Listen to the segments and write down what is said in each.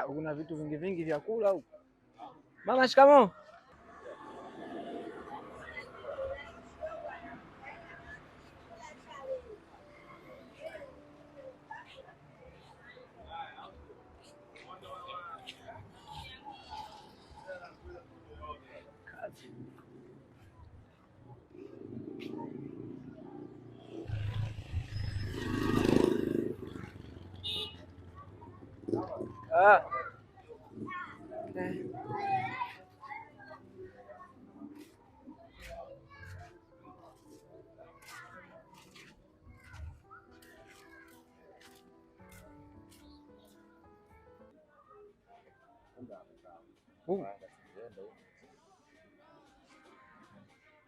Ah, kuna vitu vingi vingi vya kula huko. Mama, shikamoo. Ah.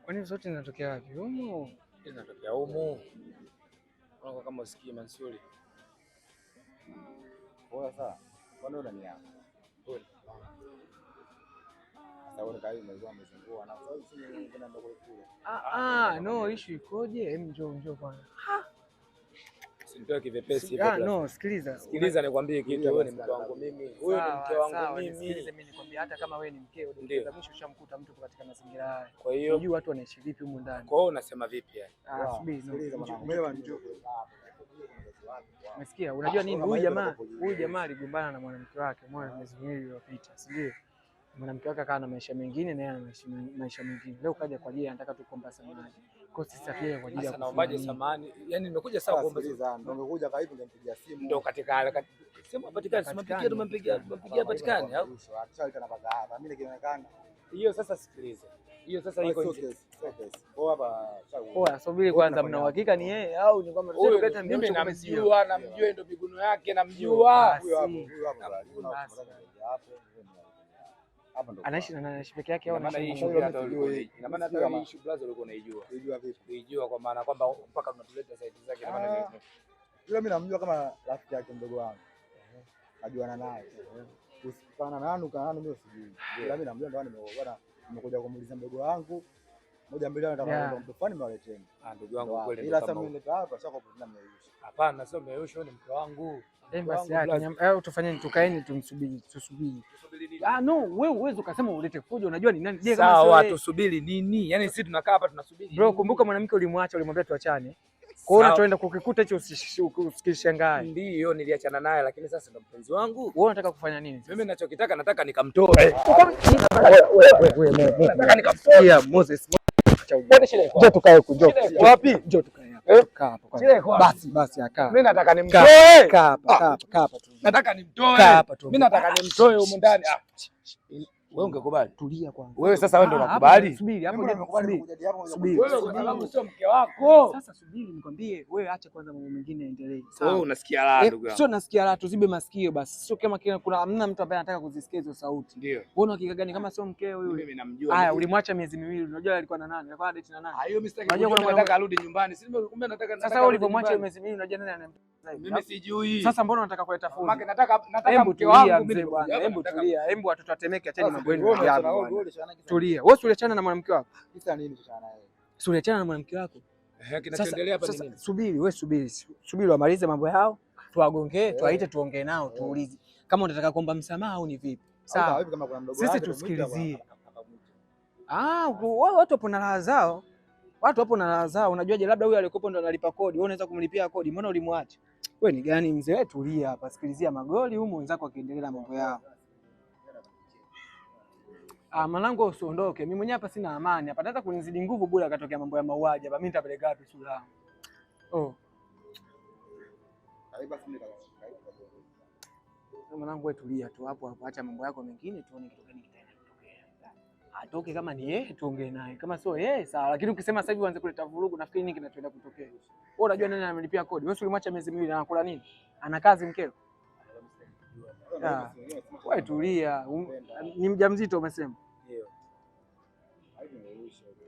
Kwani zote zinatokea wapi? Humu zinatokea humu. Unaona kama usikii Mansuri. Poa sawa. Mbona ni yako? Kweli. Ah, ah, ah no issue ikoje? Hem, njoo njoo kwanza. Simtoki vipesi hivyo. Ah, no, sikiliza. Sikiliza nikwambie kitu, wewe ni mke wangu mimi. Huyu ni mke wangu mimi. Sikiliza mimi nikwambie hata kama wewe ni mkeo, ndio mwisho ushamkuta mtu katika mazingira haya. Kwa hiyo unajua watu wanaishi vipi humu ndani. Kwa hiyo unasema vipi yani? Ah, sikiliza mwanangu. Wewe njoo. Umesikia? Ah, Unajua nini? Huyu jamaa, huyu jamaa aligombana na mwanamke wake mwana miwili iliyopita, si ndio? Mwanamke wake akawa na maisha mengine na yeye ana maisha mengine. Leo kaja kwa ajili anataka tu kuomba samani. Kwa sisi hatuja kwa ajili ya kuomba samani. Yaani nimekuja sawa kuomba ah, samani. Nimekuja kaibu ningempigia simu. Ndio katika haraka. Simu hapatikani, simpigie tumempigia, tumempigia hapatikani au? Mimi nikionekana. Hiyo sasa sikiliza hiyo sasa iko nje. Poa, subiri kwanza, mna uhakika ni yeye au ni kwamba mimi namjua, namjua ndio miguno yake namjua. Anaishi na anaishi peke yake au anaishi na maana hata issue blaza ulikuwa unaijua. Unajua vipi? Unajua kwa maana kwamba mpaka mnatuleta site zake na maana Yule ah. mimi namjua kama rafiki yake mdogo wangu. Najuana naye. Usipana nani, kana nani, mimi sijui. Yule mimi namjua ndo nimeoana nimekuja kumuuliza mdogo wangu moja mbili, nataka mtu fulani mwaleteni. Ah, ndugu wangu kweli, ila sasa mmeleta hapa sasa, kwa kutana mmeyusha. Hapana, sio mmeyusha, ni mke wangu. Eh, tufanyeni, tukaeni, tumsubiri, tusubiri. Ah, no, wewe uweze ukasema ulete fujo, unajua ni nani? sawa, tusubiri nini? Yaani sisi tunakaa hapa tunasubiri. Bro, kumbuka mwanamke ulimwacha, ulimwambia tuachane. Kwa hiyo unachoenda kukikuta hicho usikishangae. Ndio niliachana naye, lakini sasa ndo mpenzi wangu. Wewe unataka kufanya nini? Mimi ninachokitaka nataka nikamtoe. Eh. Nataka nikamtoe Moses. Njoo tukae huko, njoo. Wapi? Njoo tukae hapa. Eh? Basi basi akaa. Mimi nataka nimtoe. Kaa hapa, kaa hapa ah, Nataka nimtoe. Mimi nataka nimtoe huko ndani. Ah. Wewe ungekubali? Tulia kwanza. Wewe sasa wewe ndio unakubali? Ah, subiri hapo. ndio unakubali hapo. Subiri. Wewe kwa sababu sio mke wako. Sasa subiri nikwambie, wewe acha kwanza mambo mengine yaendelee. Wewe unasikia raha eh, ndugu yangu. Sio nasikia raha, tuzibe masikio basi. Sio kama kuna hamna mtu ambaye anataka kuzisikia hizo sauti. Ndio. Wewe una gani kama sio mkeo yule? Mimi namjua. Haya, ulimwacha miezi miwili. Unajua alikuwa na nani? Alikuwa na date na nani? Hayo Hiyo mistake. Unajua kuna nataka arudi nyumbani. Si kumbe nataka nataka. Sasa wewe ulipomwacha miezi miwili unajua nani anamjua? Mimi sijui. Sasa mbona unataka kuleta fujo? Nataka nataka mke wangu mimi bwana. Hebu tulia. Hebu watoto watemeke acheni Tulia wewe, uliachana na mwanamke wako si uliachana na mwanamke wako? Subiri wewe, subiri subiri, wamalize mambo yao, tuwagongee, tuwaite, tuongee nao, tuulize kama unataka kuomba msamaha au ni vipi. Sawa, sisi tusikilizie. Ah, watu wapo na raha zao, watu wapo na raha zao. Unajuaje? Labda huyo alikopo ndo analipa kodi, wewe unaweza kumlipia kodi, mbona ulimwacha? Wewe ni gani mzee? Tulia hapa, sikilizia magoli humu, wenzako wakiendelea mambo yao. Ah, mwanangu usiondoke. Mimi mwenyewe hapa sina amani. Hapa naweza kunizidi nguvu bure akatokea mambo ya mauaji. Hapa mimi nitapeleka wapi sura? Oh. Mwanangu wewe tulia tu hapo hapo, acha mambo yako mengine tuone kitu gani kitaenda kutokea. Ah, atoke kama ni yeye tuongee naye. Kama sio yeye sawa, lakini ukisema sasa hivi uanze kuleta vurugu nafikiri nini kinachoenda kutokea. Wewe unajua nani analipia kodi? Wewe ulimwacha miezi miwili anakula nini? Ana kazi mkeo? Ah. wewe tulia, ni mjamzito umesema.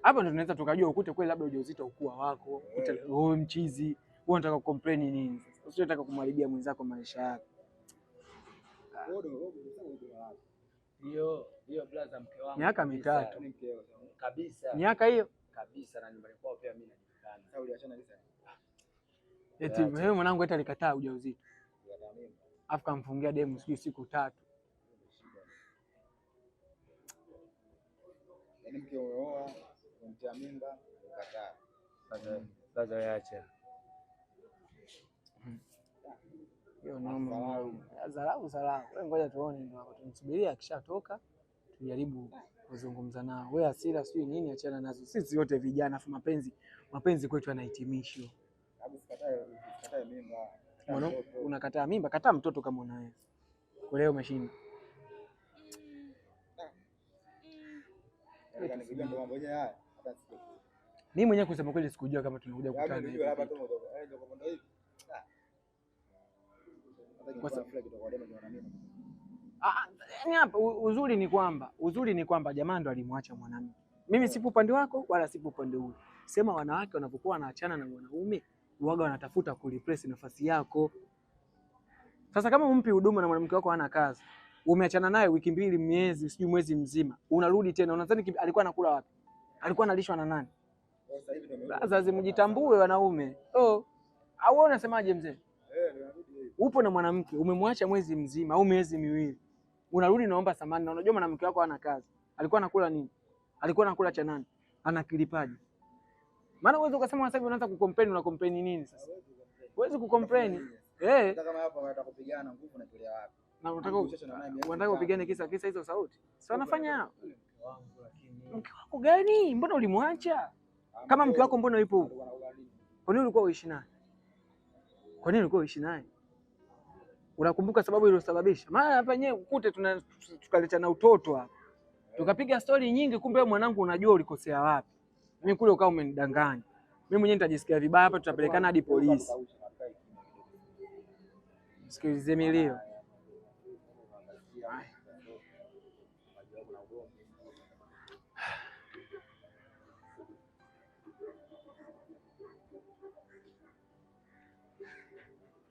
Hapo ndo tunaweza tukajua ukute kweli labda ujauzito ukua wako, ukute wewe mchizi, wewe unataka kucomplain nini? unataka kumharibia mwenzako maisha yako. Miaka mitatu miaka hiyo eti mwanangu eti alikataa ujauzito afu kamfungia demu sijui siku tatu. Dharau yaani hmm. dharau, ngoja tuone, tumsubiria akishatoka tujaribu kuzungumza nao. We asira sijui nini, achana nazo, sisi wote vijana. Afu mapenzi mapenzi kwetu yanahitimisho mwana, unakataa mimba, kataa mtoto kama unaye kuleo umeshinda. Mimi yaani mwenyewe kusema kweli sikujua kama tunakuja yaani kukutana eh, ah. ah, ah, yaani hapa. Uzuri ni kwamba uzuri ni kwamba jamaa ndo alimwacha mwanamke. Mimi sipo upande wako wala sipo upande huu. Sema wanawake wanapokuwa wanaachana na mwanaume waga wanatafuta kureplace nafasi yako. Sasa kama umpi huduma na mwanamke wako hana kazi, umeachana naye wiki mbili, miezi, sijui mwezi mzima, unarudi tena, unadhani alikuwa anakula wapi? Alikuwa analishwa na nani? Sasa mjitambue wanaume. Oh, au wewe unasemaje mzee? Upo na mwanamke umemwacha mwezi mzima au miezi miwili, unarudi naomba samani, na unajua mwanamke wako hana kazi. Alikuwa anakula nini? Alikuwa anakula cha nani? Ana maana uweze ukasema sasa hivi unaanza kucomplain, una complain nini sasa? Huwezi kucomplain. Eh. Kama hapa wanataka kupigana nguvu na kile wapi? Na unataka unataka upigane kisa kisa hizo sauti. Sasa anafanya mke wako gani? Mbona ulimwacha? Kama mke wako mbona yupo huko? Kwa nini ulikuwa uishi naye? Kwa nini ulikuwa uishi naye? Unakumbuka sababu iliyosababisha? Maana hapa nyewe ukute tukaleta na utoto hapa. Eh. Tukapiga stori nyingi, kumbe mwanangu unajua ulikosea wapi. Mimi kule ukawa umenidanganya. Mimi mwenyewe nitajisikia vibaya hapa, tutapelekana hadi polisi. Sikilize milio.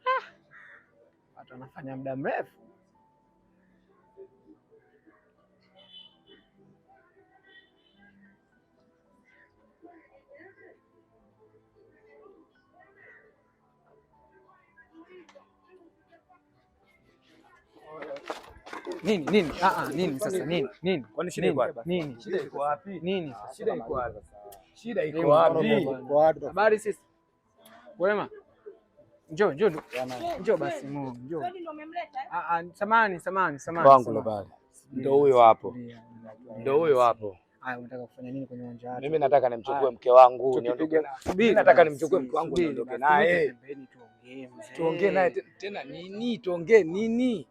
Watu wanafanya muda mrefu. nini nini ah, ah, nini sasa nini nini kwani shida iko wapi? Nini shida iko wapi? Nini shida iko wapi? Shida iko wapi? Habari sisi wema, njoo njoo njoo basi, mu, njoo. umemleta? Ah ah, samani samani samani, wangu bali ndio huyo hapo, ndio huyo hapo. Haya, unataka kufanya nini kwenye uwanja wangu? Mimi nataka nimchukue mke wangu niondoke naye. Nataka nimchukue mke wangu niondoke naye, tuongee naye tena. Nini tuongee nini?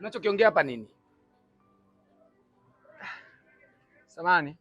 Unachokiongea hapa nini? Samani.